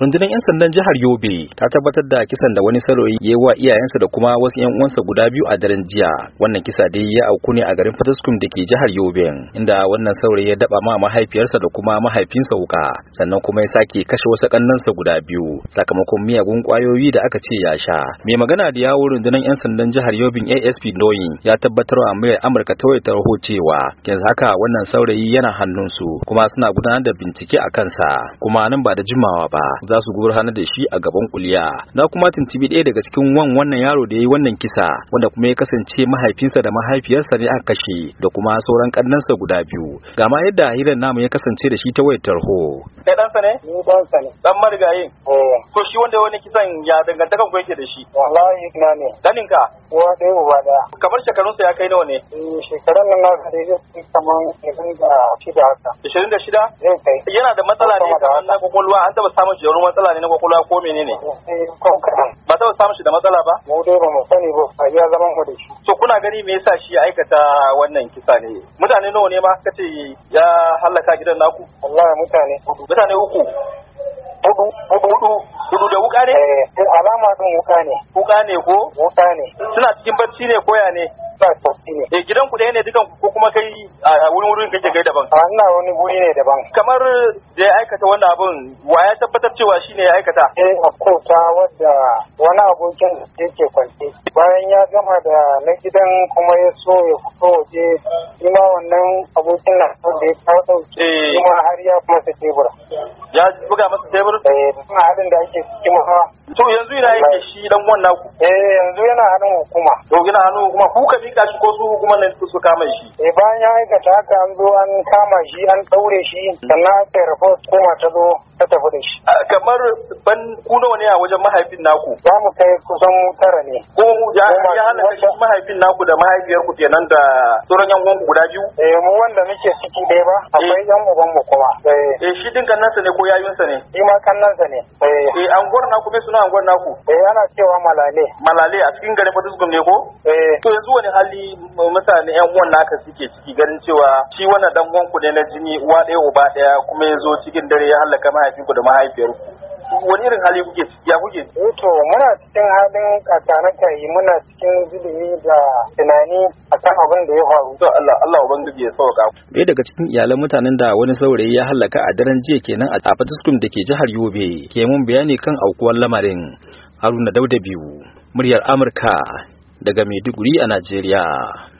rundunar 'yan sandan jihar yobe ta tabbatar da kisan da wani saloyi ya yi wa iyayensa da kuma wasu 'yan uwansa guda biyu a daren jiya wannan kisa dai ya auku ne a garin fataskum da ke jihar yobe inda wannan saurayi ya daba ma mahaifiyarsa da kuma mahaifinsa wuka sannan kuma ya sake kashe wasu kannansa guda biyu sakamakon miyagun kwayoyi da aka ce ya sha mai magana da yawo rundunar 'yan sandan jihar yobe asp noyin ya tabbatar wa muryar amurka ta wayar cewa yanzu haka wannan saurayi yana hannunsu kuma suna gudanar da bincike a kansa kuma nan ba da jimawa ba za su gurfanar da shi a gaban kuliya na kuma tuntubi ɗaya daga cikin wan wannan yaro da ya yi wannan kisa wanda kuma ya kasance mahaifinsa da mahaifiyarsa ne a kashe da kuma sauran kannansa guda biyu ga ma yadda hirar namu ya kasance da shi ta wayar tarho Kai ɗansa ne? Ni ɗansa ne. Ɗan marigayi Eh. Ko shi wanda wani kisan ya dangantakan ku yake da shi? Wallahi ina ne. Daninka? ka? Uwa ɗaya uba ɗaya. Kamar shekarunsa ya kai nawa ne? Eh, shekarun nan na da ya kamar ishirin da shida haka. shekarun da shida? Zai kai. Yana da matsala ne kamar na kwakwalwa an taɓa samun shi da matsala ne na kwakwalwa ko menene? Eh, ba taɓa samun shi da matsala ba? Mu dai ba mu sani ba a iya zaman ku da shi. To kuna gani me yasa shi ya aikata wannan kisa ne? Mutane nawa ne ma kace ya hallaka gidan naku? Wallahi mutane. mutane uku hudu hudu Gudu da wuka ne? Eh, alama din wuka ne. Wuka ne ko? Wuka ne. Suna cikin barci ne koya ne? Eh gidan ku ɗaya ne dukan ko kuma kai a wurin wurin kake kai daban. A ina wani guri ne daban. Kamar da ya aikata wannan abun wa ya tabbatar cewa shi ne ya aikata? Eh akota wadda wani abokin yake kwance. Bayan ya gama da na gidan kuma ya so ya fito waje shi wannan abokin na da ya kawo ɗauki. Kuma eh. har ya fasa tebura. ya buga masa tebur eh suna halin da ake ciki mu fa to yanzu ina yake shi dan wannan ku eh yanzu yana hannun hukuma to yana hannun hukuma ku ka mika shi ko su hukumar ne su kama shi eh bayan ya aikata haka an zo an kama shi an ɗaure shi sannan aka report kuma ta zo ta tafi da shi. Kamar ban ku nawa ne a wajen mahaifin naku? Za mu kai kusan tara ne. Ko ya hana shi mahaifin naku da mahaifiyar ku kenan da sauran yan uwan guda biyu? Eh mu wanda muke ciki dai ba eh. akwai yan uban mu kuma. Eh. eh shi din kannansa ne ko yayunsa ne? Shi ma kan kannansa ne. Eh. eh anguwar naku me suna anguwar naku? Eh ana cewa malale. Malale a cikin garin Fatiskum ne ko? Eh. To yanzu wani hali mutane yan uwan naka suke ciki ganin cewa shi wannan dan uwan ku ne na jini uwa ɗaya uba ɗaya kuma ya zo cikin dare ya hallaka mahaifin mahaifinku da mahaifiyarku wani irin hali kuke ya kuke eh to muna cikin halin kakanaka yi muna cikin zubi da tunani akan abin da ya faru to Allah Allah ya sauka daga cikin iyalan mutanen da wani saurayi ya halaka a daren jiya kenan a Fatiskum da ke jihar Yobe ke mun bayani kan aukuwar lamarin Haruna Dauda biyu muryar Amurka daga Maiduguri a Najeriya